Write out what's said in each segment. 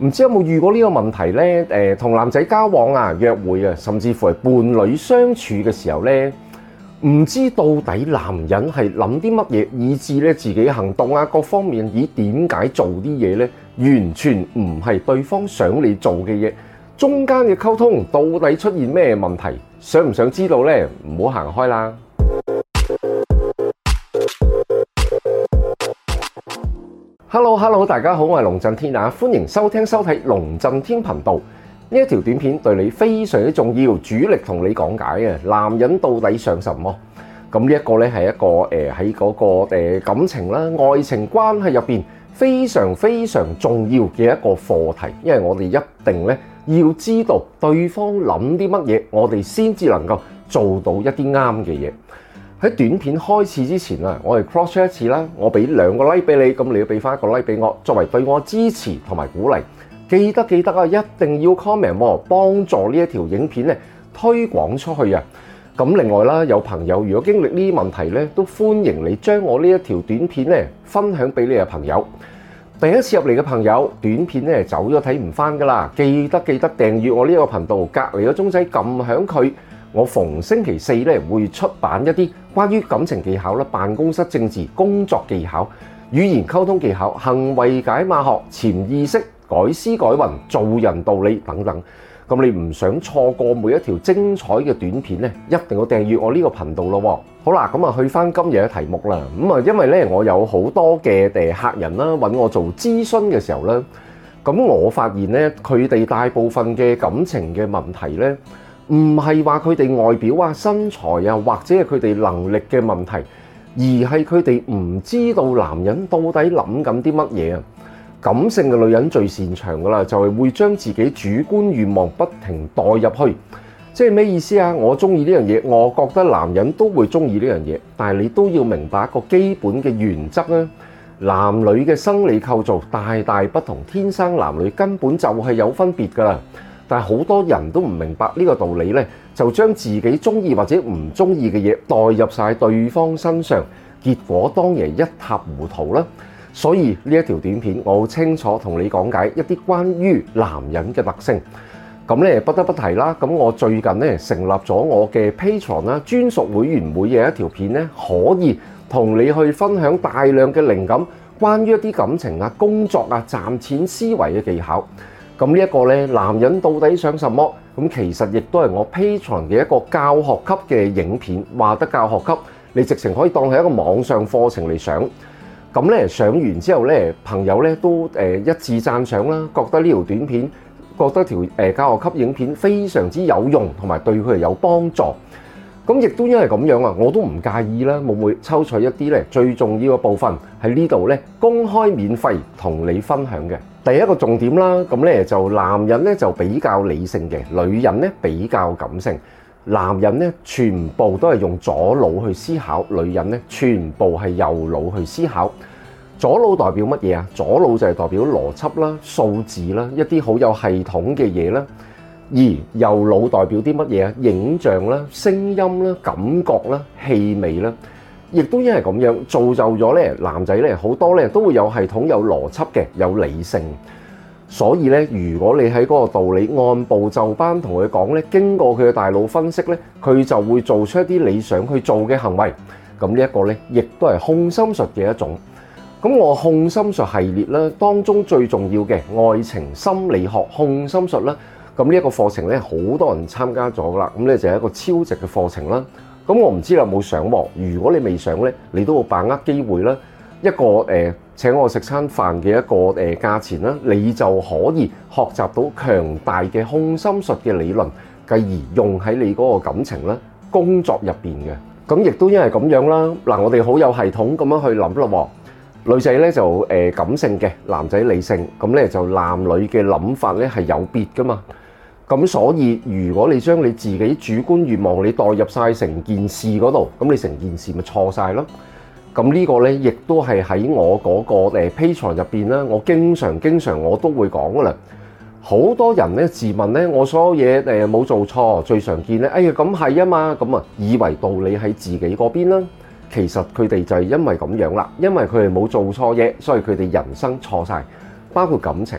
唔知有冇遇過呢個問題呢？呃、同男仔交往啊、約會啊，甚至乎係伴侶相處嘅時候呢，唔知到底男人係諗啲乜嘢，以致咧自己行動啊各方面，咦點解做啲嘢呢，完全唔係對方想你做嘅嘢，中間嘅溝通到底出現咩問題？想唔想知道呢？唔好行開啦！Hello，Hello，Hello，大家好，我係龍震天啊！歡迎收聽收睇龍震天頻道。呢一條短片對你非常之重要，主力同你講解嘅男人到底想什麼。咁呢是一個咧係一個誒喺嗰個誒感情啦、愛情關係入邊非常非常重要嘅一個課題，因為我哋一定咧要知道對方諗啲乜嘢，我哋先至能夠做到一啲啱嘅嘢。喺短片開始之前啊，我哋 cross 出一次啦，我俾兩個 like 俾你，咁你要俾翻一個 like 俾我，作為對我支持同埋鼓勵。記得記得啊，一定要 comment 喎、哦，幫助呢一條影片咧推廣出去啊。咁另外啦，有朋友如果經歷呢啲問題咧，都歡迎你將我呢一條短片咧分享俾你嘅朋友。第一次入嚟嘅朋友，短片咧走咗睇唔翻噶啦，記得記得訂閱我呢個頻道，隔離個鐘仔撳響佢。我逢星期四咧會出版一啲關於感情技巧啦、辦公室政治、工作技巧、語言溝通技巧、行為解碼學、潛意識、改思改運、做人道理等等。咁你唔想錯過每一條精彩嘅短片咧，一定要訂閱我呢個頻道咯。好啦，咁啊去翻今日嘅題目啦。咁啊，因為咧我有好多嘅誒客人啦揾我做諮詢嘅時候咧，咁我發現咧佢哋大部分嘅感情嘅問題咧。唔係話佢哋外表啊、身材啊，或者係佢哋能力嘅問題，而係佢哋唔知道男人到底諗緊啲乜嘢啊。感性嘅女人最擅長噶啦，就係會將自己主觀願望不停代入去。即係咩意思啊？我中意呢樣嘢，我覺得男人都會中意呢樣嘢，但係你都要明白一個基本嘅原則啊。男女嘅生理構造大大不同，天生男女根本就係有分別噶啦。但係好多人都唔明白呢個道理咧，就將自己中意或者唔中意嘅嘢代入曬對方身上，結果當然一塌糊塗啦。所以呢一條短片，我好清楚同你講解一啲關於男人嘅特性。咁咧不得不提啦，咁我最近咧成立咗我嘅 Patreon 啦，專屬會員每日一條片咧，可以同你去分享大量嘅靈感，關於一啲感情啊、工作啊、賺錢思維嘅技巧。咁呢，一個呢，男人到底想什麼？咁其實亦都係我 Patreon 嘅一個教學級嘅影片，話得教學級，你直情可以當係一個網上課程嚟上。咁呢上完之後呢朋友呢都、呃、一致讚賞啦，覺得呢條短片，覺得條教學級影片非常之有用，同埋對佢有幫助。咁亦都因為咁樣啊，我都唔介意啦，會唔會抽取一啲呢最重要嘅部分喺呢度呢？公開免費同你分享嘅。第一個重點啦，咁咧就男人咧就比較理性嘅，女人咧比較感性。男人咧全部都係用左腦去思考，女人咧全部係右腦去思考。左腦代表乜嘢啊？左腦就係代表邏輯啦、數字啦、一啲好有系統嘅嘢啦。而右腦代表啲乜嘢啊？影像啦、聲音啦、感覺啦、氣味啦。亦都因為咁樣，造就咗咧男仔咧好多咧，都會有系統、有邏輯嘅、有理性。所以咧，如果你喺嗰個道理按部就班同佢講咧，經過佢嘅大腦分析咧，佢就會做出一啲你想去做嘅行為。咁呢一個咧，亦都係控心術嘅一種。咁我控心術系列咧，當中最重要嘅愛情心理學控心術咧，咁呢一個課程咧，好多人參加咗啦。咁咧就係一個超值嘅課程啦。咁我唔知你有冇上網，如果你未上咧，你都會把握機會咧，一個誒請我食餐飯嘅一個誒價錢啦，你就可以學習到強大嘅控心術嘅理論，繼而用喺你嗰個感情咧、工作入邊嘅。咁亦都因為咁樣啦，嗱我哋好有系統咁樣去諗啦，女仔咧就誒感性嘅，男仔理性，咁咧就男女嘅諗法咧係有別噶嘛。咁所以如果你將你自己主觀願望你代入晒成件事嗰度，咁你成件事咪錯晒咯？咁呢個呢，亦都係喺我嗰個 Patreon 入面啦。我經常經常我都會講噶啦，好多人呢，自問呢，我所有嘢呃、冇做錯，最常見呢，哎呀咁係啊嘛，咁啊以為道理喺自己嗰邊啦。其實佢哋就係因為咁樣啦，因為佢哋冇做錯嘢，所以佢哋人生錯晒，包括感情。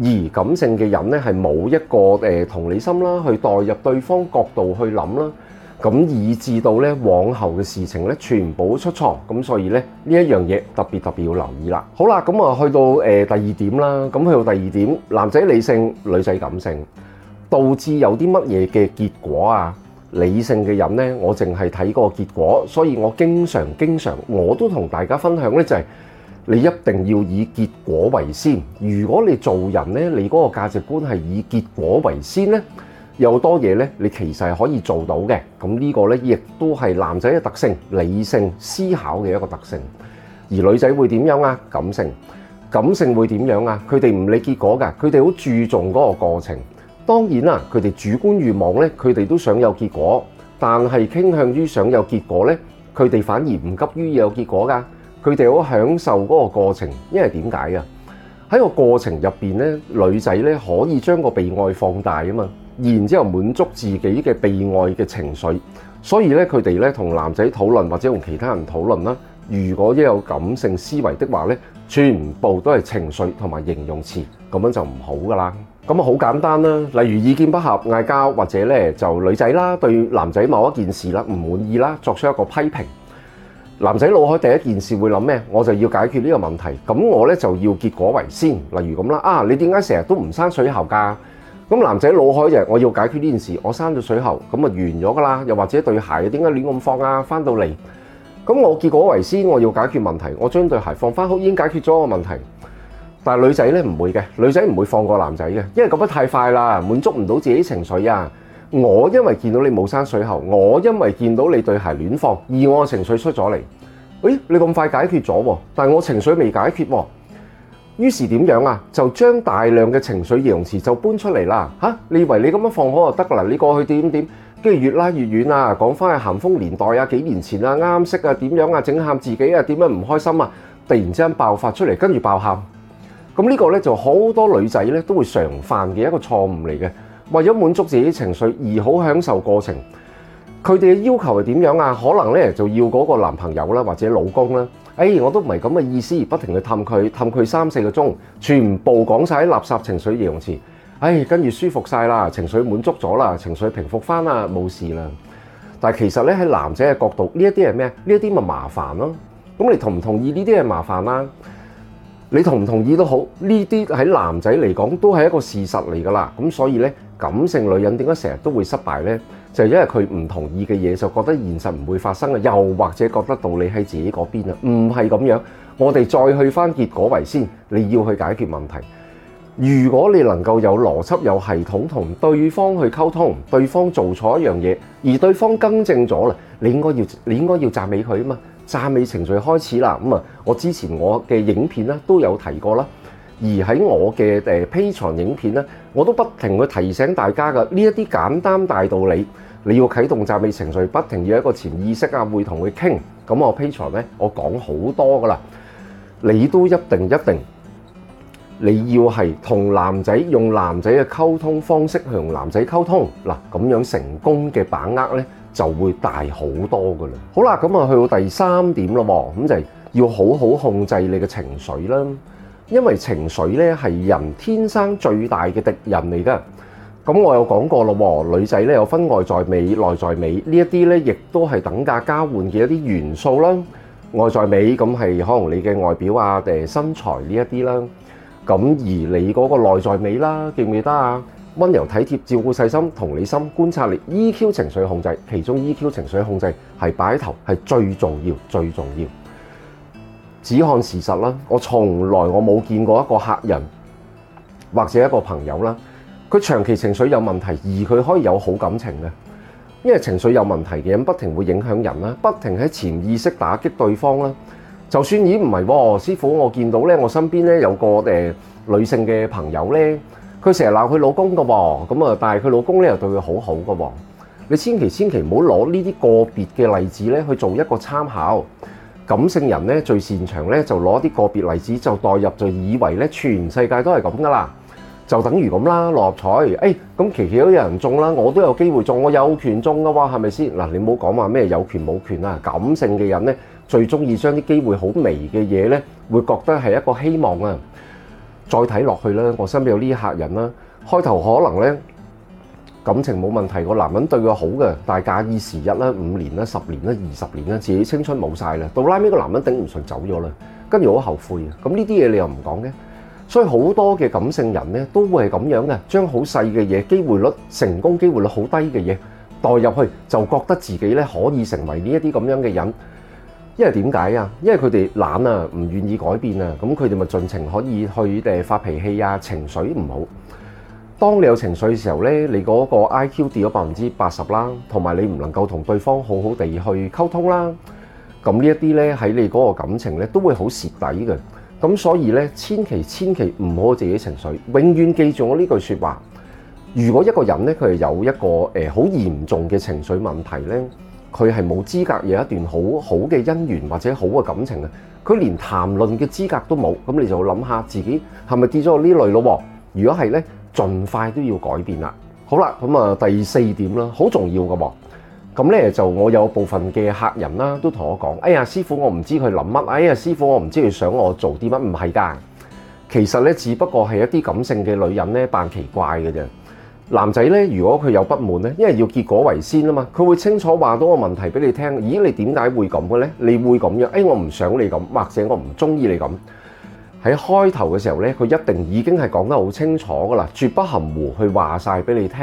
而感性嘅人呢，係冇一個誒同理心啦，去代入對方角度去諗啦，咁以至到呢，往後嘅事情呢，全部出錯。咁所以呢，呢一樣嘢特別特別要留意啦。好啦，咁啊去到誒第二點啦，咁去到第二點，男仔理性，女仔感性，導致有啲乜嘢嘅結果啊？理性嘅人呢，我淨係睇嗰個結果，所以我經常經常我都同大家分享呢，就係。你一定要以結果為先。如果你做人呢，你嗰個價值觀係以結果為先呢，有多嘢呢？你其實係可以做到嘅。咁呢個呢，亦都係男仔嘅特性，理性思考嘅一個特性。而女仔會點樣啊？感性，感性會點樣啊？佢哋唔理結果㗎，佢哋好注重嗰個過程。當然啦，啊，佢哋主觀慾望呢，佢哋都想有結果，但係傾向於想有結果呢，佢哋反而唔急於有結果㗎。佢哋好享受嗰個過程，因為點解啊？喺個過程入邊咧，女仔咧可以將個被愛放大啊嘛，然之後滿足自己嘅被愛嘅情緒，所以咧，佢哋咧同男仔討論或者同其他人討論啦，如果一有感性思維的話咧，全部都係情緒同埋形容詞，咁樣就唔好噶啦。咁啊，好簡單啦，例如意見不合嗌交，或者咧就女仔啦對男仔某一件事啦唔滿意啦，作出一個批評。男仔腦海第一件事會諗咩？我就要解決呢個問題，咁我咧就要結果為先。例如咁啦，啊你點解成日都唔閂水喉㗎？咁男仔腦海就係我要解決呢件事，我閂咗水喉咁啊，完咗㗎啦。又或者對鞋點解亂咁放啊？翻到嚟，咁我結果為先，我要解決問題，我將對鞋放翻好，已經解決咗個問題。但係女仔咧唔會嘅，女仔唔會放過男仔嘅，因為咁得太快啦，滿足唔到自己情緒啊。我因為見到你冇閂水喉，我因為見到你對鞋亂放，而我嘅情緒出咗嚟。誒、哎，你咁快解決咗喎，但係我情緒未解決喎。於是點樣啊？就將大量嘅情緒形容詞就搬出嚟啦、啊。你以為你咁樣放好就得㗎啦？你過去點點，跟住越拉越遠啊！講翻去鹹豐年代啊，幾年前啊，啱啱識啊，點樣啊，整喊自己啊，點樣唔開心啊？突然之間爆發出嚟，跟住爆喊。咁呢個咧就好多女仔咧都會常犯嘅一個錯誤嚟嘅。為咗滿足自己的情緒而好享受過程，佢哋嘅要求係點樣啊？可能咧就要嗰個男朋友啦，或者老公啦。哎，我都唔係咁嘅意思，不停去氹佢，氹佢三四個鐘，全部講晒垃圾情緒形容詞。哎，跟住舒服晒啦，情緒滿足咗啦，情緒平復翻啦，冇事啦。但係其實咧喺男仔嘅角度，呢一啲係咩？呢一啲咪麻煩咯。咁你同唔同意呢啲係麻煩啦？你同唔同意都好，呢啲喺男仔嚟講都係一個事實嚟㗎啦。咁所以咧。感性女人點解成日都會失敗呢？就係因為佢唔同意嘅嘢就覺得現實唔會發生啊，又或者覺得道理喺自己嗰邊啊，唔係咁樣。我哋再去翻結果為先，你要去解決問題。如果你能夠有邏輯、有系統同對方去溝通，對方做錯一樣嘢，而對方更正咗啦，你應該要你應該要讚美佢啊嘛，讚美程序開始啦。咁啊，我之前我嘅影片咧都有提過啦，而喺我嘅誒 Patreon 影片咧。我都不停去提醒大家噶，呢一啲簡單大道理，你要啟動集美情緒，不停要一個潛意識啊，會同佢傾。咁我 Patreon 咧，我講好多噶啦，你都一定一定，你要係同男仔用男仔嘅溝通方式去同男仔溝通，嗱咁樣成功嘅把握咧就會大好多噶啦。好啦，咁啊去到第三點咯喎，咁就係要好好控制你嘅情緒啦。因為情緒咧係人天生最大嘅敵人嚟㗎，咁我有講過咯喎，女仔咧有分外在美、內在美呢一啲咧，亦都係等價交換嘅一啲元素啦。外在美咁係可能你嘅外表啊，定身材呢一啲啦。咁而你嗰個內在美啦，記唔記得啊？溫柔體貼、照顧細心、同理心、觀察力、EQ 情緒控制，其中 EQ 情緒控制係擺頭係最重要、最重要。只看事實啦，我從來我冇見過一個客人或者一個朋友啦，佢長期情緒有問題，而佢可以有好感情嘅，因為情緒有問題嘅人不停會影響人啦，不停喺潛意識打擊對方啦。就算咦唔係喎，師傅我見到咧，我身邊咧有個誒、呃、女性嘅朋友咧，佢成日鬧佢老公㗎喎，咁啊，但係佢老公咧又對佢好好㗎喎。你千祈千祈唔好攞呢啲個別嘅例子咧去做一個參考。感性人咧最擅長咧就攞啲個別例子，就代入，就以為咧全世界都係咁噶啦，就等於咁啦。六合彩，誒咁期期都有人中啦，我都有機會中，我有權中嘅話係咪先？嗱，你唔好講話咩有權冇權啊！感性嘅人咧最中意將啲機會好微嘅嘢，咧會覺得係一個希望啊。再睇落去啦，我身邊有呢啲客人啦，開頭可能咧。感情冇問題，個男人對佢好嘅，但係假以時日啦，五年啦，十年啦，二十年啦，自己青春冇晒啦，到拉尾個男人頂唔順走咗啦，跟住我好後悔啊！咁呢啲嘢你又唔講嘅，所以好多嘅感性人呢，都會係咁樣嘅，將好細嘅嘢、機會率、成功機會率好低嘅嘢代入去，就覺得自己呢可以成為呢一啲咁樣嘅人。因為點解啊？因為佢哋懶啊，唔願意改變啊，咁佢哋咪盡情可以去誒發脾氣啊，情緒唔好。當你有情緒嘅時候呢，你嗰個 IQ 跌咗百分之八十啦，同埋你唔能夠同對方好好地去溝通啦。咁呢一啲呢，喺你嗰個感情呢都會好蝕底嘅。咁所以呢，千祈千祈唔好自己情緒，永遠記住我呢句說話。如果一個人呢，佢係有一個誒好嚴重嘅情緒問題呢，佢係冇資格有一段好好嘅姻緣或者好嘅感情嘅，佢連談論嘅資格都冇。咁你就諗下自己係咪跌咗呢類咯？如果係呢。盡快都要改變啦。好啦，咁啊第四點啦，好重要㗎噃。咁呢，就我有部分嘅客人啦，都同我講，哎呀，師傅我唔知佢諗乜。哎呀，師傅我唔知佢想我做啲乜，唔係㗎。其實呢，只不過係一啲感性嘅女人呢扮奇怪嘅啫。男仔呢，如果佢有不滿呢，因為要結果為先啊嘛，佢會清楚話到個問題俾你聽。咦，你點解會咁嘅呢？你會咁樣？哎，我唔想你咁，或者我唔中意你咁。喺開頭嘅時候呢，佢一定已經係講得好清楚噶啦，絕不含糊去話晒俾你聽。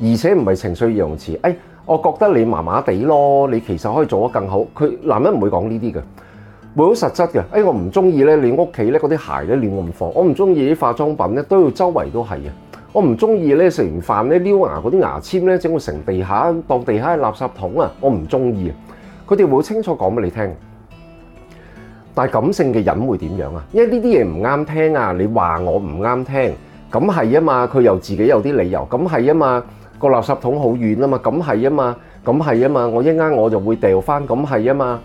而且唔係情緒形容詞，哎，我覺得你麻麻地咯，你其實可以做得更好。佢男人唔會講呢啲嘅，會好實質嘅。誒，哎，我唔中意呢，你屋企呢嗰啲鞋呢亂咁放，我唔中意啲化妝品呢都要周圍都係啊。我唔中意呢，食完飯呢撩牙嗰啲牙籤呢，整到成地下，當地下係垃圾桶啊，我唔中意啊。佢哋會好清楚講俾你聽。但係感性嘅人會點樣啊？因為呢啲嘢唔啱聽啊！你話我唔啱聽，咁係啊嘛。佢又自己有啲理由，咁係啊嘛。個垃圾桶好遠啊嘛，咁係啊嘛，咁係啊嘛。我一陣間我就會掉翻，咁係啊嘛。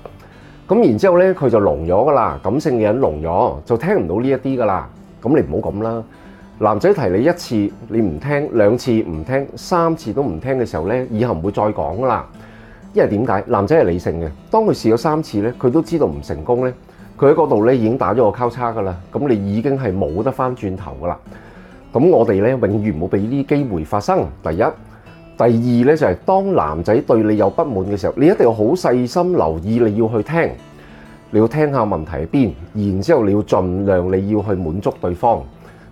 咁然之後咧，佢就聾咗噶啦。感性嘅人聾咗，就聽唔到呢一啲噶啦。咁你唔好咁啦。男仔提你一次，你唔聽；兩次唔聽，三次都唔聽嘅時候咧，以後唔會再講噶啦。因為點解？男仔係理性嘅，當佢試咗三次咧，佢都知道唔成功咧。佢喺嗰度咧已經打咗個交叉噶啦，咁你已經係冇得返轉頭噶啦。咁我哋咧永遠冇俾呢機會發生。第一、第二咧就係當男仔對你有不滿嘅時候，你一定要好細心留意你要去聽，你要聽下問題喺邊，然之後你要盡量你要去滿足對方。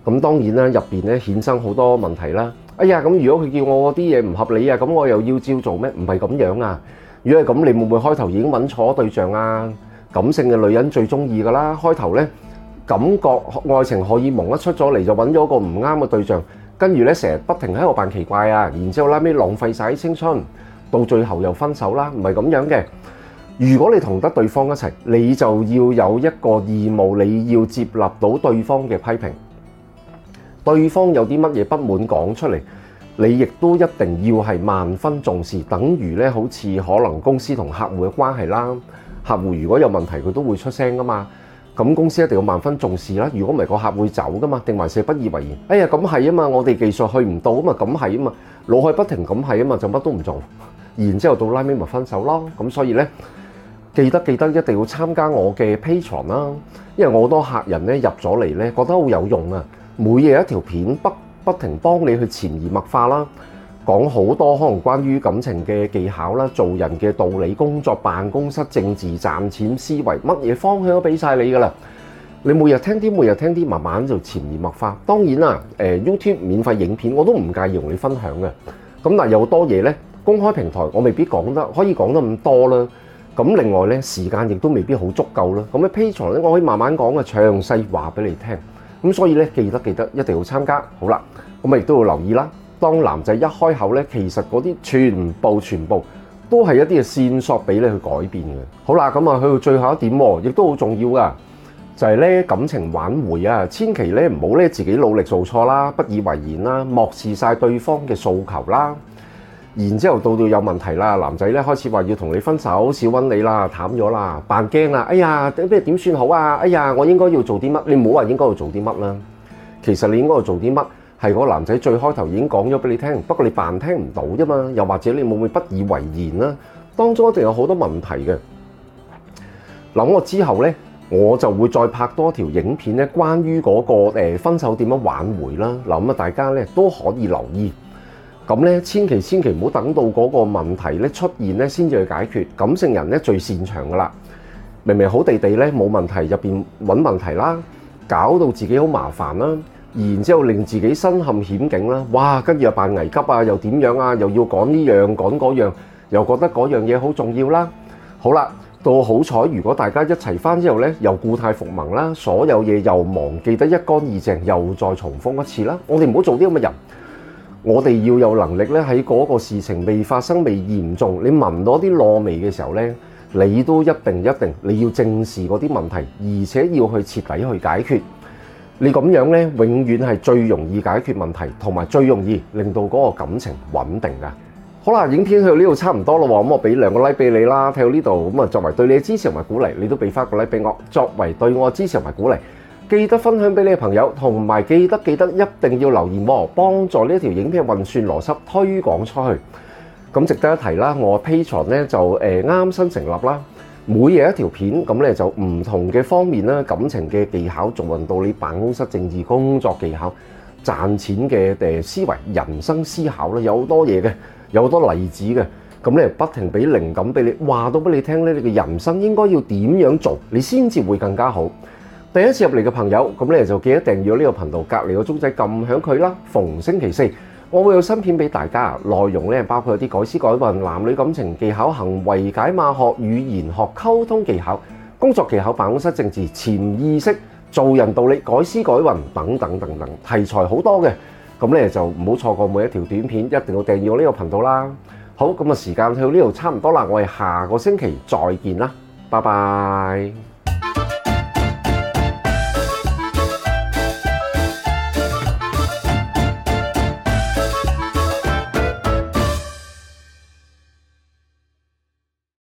咁當然啦，入邊咧衍生好多問題啦。哎呀，咁如果佢叫我啲嘢唔合理啊，咁我又要照做咩？唔係咁樣啊！如果係咁，你會唔會開頭已經揾錯對象啊？感性嘅女人最中意噶啦，開頭咧感覺愛情荷爾蒙一出咗嚟，就揾咗個唔啱嘅對象，跟住咧成日不停喺度扮奇怪啊，然之後拉尾浪費晒啲青春，到最後又分手啦，唔係咁樣嘅。如果你同得對方一齊，你就要有一個義務，你要接納到對方嘅批評，對方有啲乜嘢不滿講出嚟，你亦都一定要係萬分重視，等於咧好似可能公司同客戶嘅關係啦。客戶如果有問題，佢都會出聲噶嘛，咁公司一定要萬分重視啦。如果唔係，個客會走噶嘛，定還是不以為然。哎呀，咁係啊嘛，我哋技術去唔到啊嘛，咁係啊嘛，腦海不停咁係啊嘛，就乜都唔做，然之後到拉尾咪分手囉。咁所以咧，記得記得一定要參加我嘅 Patreon 啦，因為我好多客人咧入咗嚟咧，覺得好有用啊，每日一條片不不停幫你去潛移默化啦。講好多可能關於感情嘅技巧啦，做人嘅道理、工作、辦公室政治、賺錢思維，乜嘢方向都俾晒你噶啦。你每日聽啲，每日聽啲，慢慢就潛移默化。當然啦，誒，YouTube 免費影片我都唔介意同你分享嘅。咁但又多嘢呢，公開平台我未必講得，可以講得咁多啦。咁另外呢，時間亦都未必好足夠啦。咁嘅 Patreon 我可以慢慢講嘅，詳細話俾你聽。咁所以呢，記得記得，一定要參加。好啦，我咪亦都要留意啦。當男仔一開口咧，其實嗰啲全部全部都係一啲嘅線索俾你去改變嘅。好啦，咁啊去到最後一點，亦都好重要㗎，就係咧感情挽回啊，千祈咧唔好咧自己努力做錯啦，不以為然啦，漠視晒對方嘅訴求啦。然之後到到有問題啦，男仔咧開始話要同你分手，試揾你啦，淡咗啦，扮驚啦，哎呀，咩點算好啊？哎呀，我應該要做啲乜？你唔好話應該要做啲乜啦，其實你應該要做啲乜？係嗰個男仔最開頭已經講咗俾你聽，不過你扮聽唔到啫嘛，又或者你會唔會不以為然啦？當中一定有好多問題嘅。嗱，咁之後呢，我就會再拍多條影片咧，關於嗰個、呃、分手點樣挽回啦。嗱，啊大家咧都可以留意。咁呢，千祈千祈唔好等到嗰個問題咧出現咧先至去解決。感性人咧最擅長噶啦，明明好地地呢，冇問題，入邊揾問題啦，搞到自己好麻煩啦。然之後令自己身陷險境啦，哇！跟住又扮危急啊，又點樣啊，又要講呢樣講嗰樣，又覺得嗰樣嘢好重要啦。好啦，到好彩，如果大家一齊翻之後呢，又故態復萌啦，所有嘢又忘記得一乾二淨，又再重覆一次啦。我哋唔好做啲咁嘅人，我哋要有能力呢，喺嗰個事情未發生、未嚴重，你聞到啲餿味嘅時候呢，你都一定一定你要正視嗰啲問題，而且要去徹底去解決。你咁樣咧，永遠係最容易解決問題，同埋最容易令到嗰個感情穩定噶。好啦，影片去到呢度差唔多咯喎，咁我俾兩個 like 俾你啦。睇到呢度，咁啊作為對你嘅支持同埋鼓勵，你都俾翻個 like 俾我，作為對我嘅支持同埋鼓勵，記得分享俾你嘅朋友，同埋記得記得一定要留言喎，幫助呢一條影片運算邏輯推廣出去。咁值得一提啦，我 Patreon 咧就誒啱啱新成立啦。每日一條片咁咧，就唔同嘅方面啦。感情嘅技巧，仲運到你辦公室政治工作技巧，賺錢嘅誒思維、人生思考啦，有好多嘢嘅，有好多例子嘅。咁咧不停俾靈感俾你，話到俾你聽咧，你嘅人生應該要點樣做，你先至會更加好。第一次入嚟嘅朋友，咁咧就記得訂閱呢個頻道，隔離個鐘仔撳響佢啦。逢星期四。我會有新片俾大家，內容咧包括有啲改思改運、男女感情技巧、行為解碼學、語言學、溝通技巧、工作技巧、辦公室政治、潛意識、做人道理、改思改運等等等等，題材好多嘅。咁咧就唔好錯過每一條短片，一定要訂閱我呢個頻道啦。好，咁啊，時間去到呢度差唔多啦，我哋下個星期再見啦，拜拜。